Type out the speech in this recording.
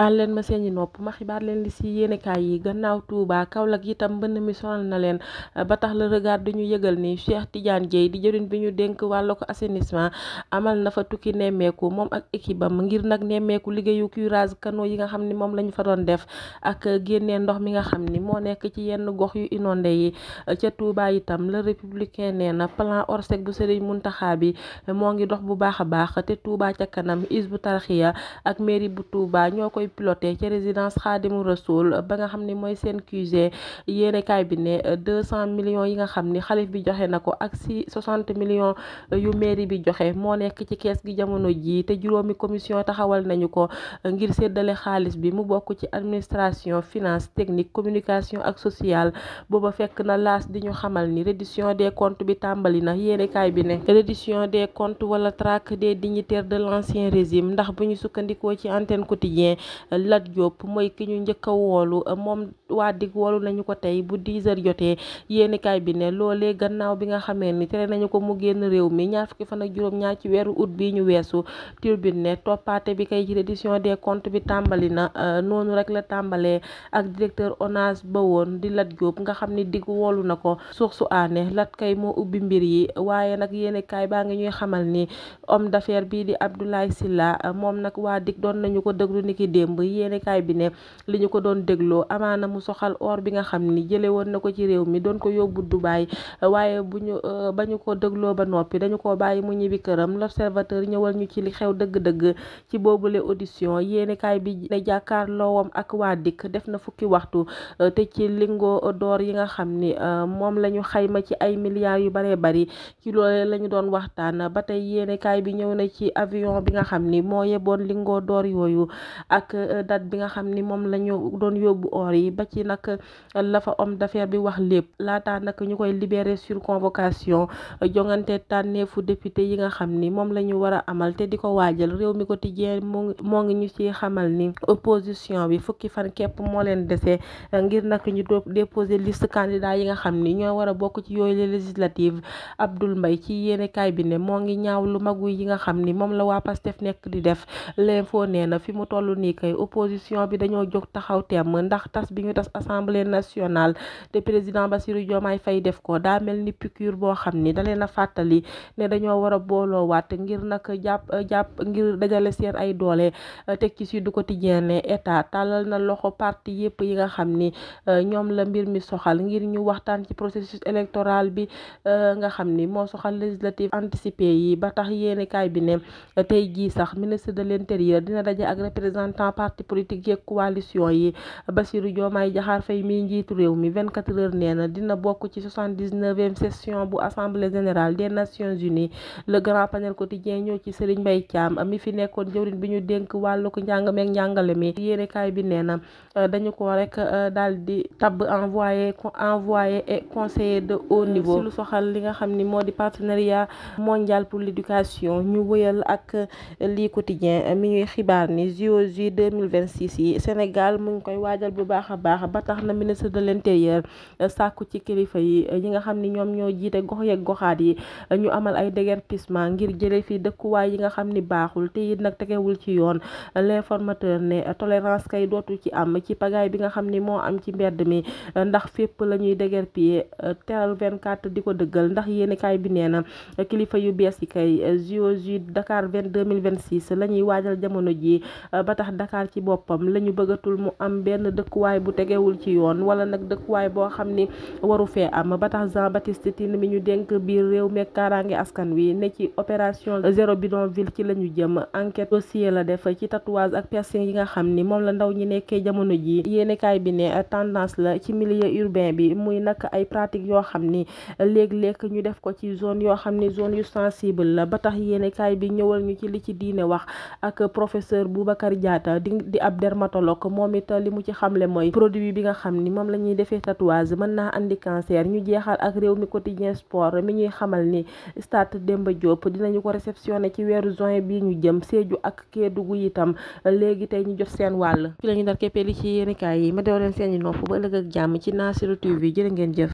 àlleen ma seen i nopp ma xibaar leen li si yéenekaay yi gannaaw Touba Kaolack itam mbënn mi sonal na leen ba tax la regard du ñu yëgal ni Cheikh Tidiane Dieye di jëriñ bi ñu dénk wàllu ko assainissement amal na fa tukki nemmeeku moom ak équipe ngir nag nemmeeku liggéeyu curage canaux yi nga xam ni moom la ñu fa doon def ak génnee ndox mi nga xam ni moo nekk ci yenn gox yu inondé yi ca Touba itam la républicain nee na plan Orsec bu Serigne Mountakha bi moo ngi dox bu piloté ci résidence Xaadimu Rasul ba nga xam ne mooy seen QG yéenekaay bi ne deux cent millions yi nga xam ni xalif bi joxe na ko ak si soixante million yu mairie bi joxe moo nekk ci kees gi jamono jii te juróomi commission taxawal nañu ko ngir séddale xaalis bi mu bokk ci administration finance technique communication ak sociale booba fekk na laas di ñu xamal ni reddition des comptes bi tàmbali na yéenekaay bi ne reddition des comptes wala traque des dignitaires de l'ancien régime ndax bu ñu sukkandikoo ci antenne quotidien Lat Diop mooy ki ñu njëkk a woolu moom waa dig woolu nañu ko tey bu 10 heures jotee yéenikaay bi ne loolee gannaaw bi nga xamee ni tere nañu ko mu génn réew mi ñaar fukki fan ak juróom-ñaar ci weeru août bi ñu weesu turbine ne toppaate bi kay ci reddition des comptes bi tàmbali na euh, noonu rek la tàmbalee ak directeur ONAS ba woon di Lat Diop nga xam ni dig woolu na ko suux su aane lat kay moo ubbi mbir yi waaye nag yéenikaay baa ngi ñuy xamal ni homme d'affaires bii di Abdoulaye Sylla moom nag waa démb yéenekaay bi ne li ñu ko doon dégloo amaana mu soxal or bi nga xam ni jële woon na ko ci réew mi doon ko yóbbu Dubaay waaye bu ñu euh, ba ñu ko dégloo ba noppi dañu ko bàyyi mu ñibbi këram l'observateur ñëwal ñu ci li xew dëgg-dëgg ci boobu boobule audition yéenekaay bi ne jàkkaarloowam ak waa dikk def na fukki waxtu euh, te ci lingot door yi nga xam ni euh, moom la xayma ci ay milliards yu bare bari ci loolee la ñu doon waxtaan ba tey yéenekaay bi ñëw na ci avion bi nga xam ni ak euh, bi nga xam ni moom la ñu doon yóbbu or yi ba ci nag euh, la fa homme d'affaires bi wax lépp laataa nag ñu koy libérer sur convocation jongante tànneefu député yi nga xam ni moom la ñu war a amal di ko waajal réew mi quotidien moo moo ngi ñu ci xamal ni opposition bi fukki fan képp moo leen dese ngir nag ñu déposer liste candidat yi nga xam ni ñoo war a bokk ci yooyu législative Abdoul Mbaye ci yéenekaay bi ne moo ngi ñaaw lu magu yi nga xam ni moom la waa Pastef nekk di def l'info nee na fi mu toll nii kay opposition bi dañoo jog taxaw temm ndax tas bi ñu tas assemblée nationale te président Bassirou Diomaye Faye def ko daa mel ni piqûre boo xam ni daleen leen fàttali ne dañoo war a booloowaat ngir nag jàpp jàpp ngir dajale seen ay doole euh, teg ci Sud Quotidien ne état tàllal na loxo parti yépp yi nga xam ni euh, ñoom la mbir mi soxal ngir ñu waxtaan ci processus électoral bi euh, nga xam ni moo soxal législative anticipée yi ba tax yéenekaay bi ne tey jii sax ministre de l'intérieur dina daje ak représentant mouvement parti politique yeeg coalition yi Bassirou Diomaye Diakhar Faye mi njiitu réew mi 24 heures nee dina bokk ci 79e session bu assemblée générale des nations unies le grand panel quotidien ñëw ci Serigne Mbaye Thiam mi fi nekkoon jëwriñ bi ñu dénk wàllu ko njàng njàngale mi yéenekaay bi nee euh, dañu ko rek euh, daal di tabb envoyé envoyé de haut euh, niveau si lu soxal li nga xam ni moo di partenariat mondial pour l'éducation ñu wëyal ak lii quotidien deux vingt six yi Sénégal mu ngi koy waajal bu baax a baax ba tax na ministre de l'intérieur euh, sàkku ci kilifa yi yi euh, nga xam ni ñoom ñoo jiite gox yeeg goxaat yi euh, ñu amal ay déguerpissement ngir jële fi dëkkuwaay yi nga xam ni baaxul te it nag tegewul ci yoon l'informateur ne tolérance kay dootu ci am ci pagaay bi nga xam ni moo am ci mbedd mi ndax fépp la ñuy déguerpir teral 24 di ko dëggal ndax yéeni kaay bi nee na kilifa yu bees yi kay JOJ Dakar 2026 la ñuy waajal jamono ji ba yaakaar ci boppam la ñu bëggatul mu am benn dëkkuwaay bu tegewul ci yoon wala nag dëkkuwaay boo xam ni waru fee am ba tax Jean Baptiste Tine mi ñu dénk biir réew meek kaaraange askan wi ne ci opération zéro bidonville ci la ñu jëm enquête dossier la def ci tatouage ak piercing yi nga xam ni moom la ndaw ñi nekkee jamono ji yéenekaay bi ne tendance la ci milieu urbain bi muy nag ay pratique yoo xam ni léeg lekk ñu def ko ci zone yoo xam ni zone yu sensible la ba tax yéenekaay bi ñëwal ñu ci li ci diine wax ak professeur Boubacar di di ab dermatologue moom it li mu ci xamle mooy produit bi nga xam ni moom la ñuy defee tatouage mën naa indi cancer ñu jeexal ak réew mi quotidien sport mi ñuy xamal ni stade Demba Diop dinañu ko réceptionné ci weeru juin bi ñu jëm Sédhiou ak Kédougou tam léegi tey ñu jot seen wàll fi la ñu dar ci yéenekaay yi ma dew ba ëllëg ak jàmm ci Nassirou TV jërë ngeen jëf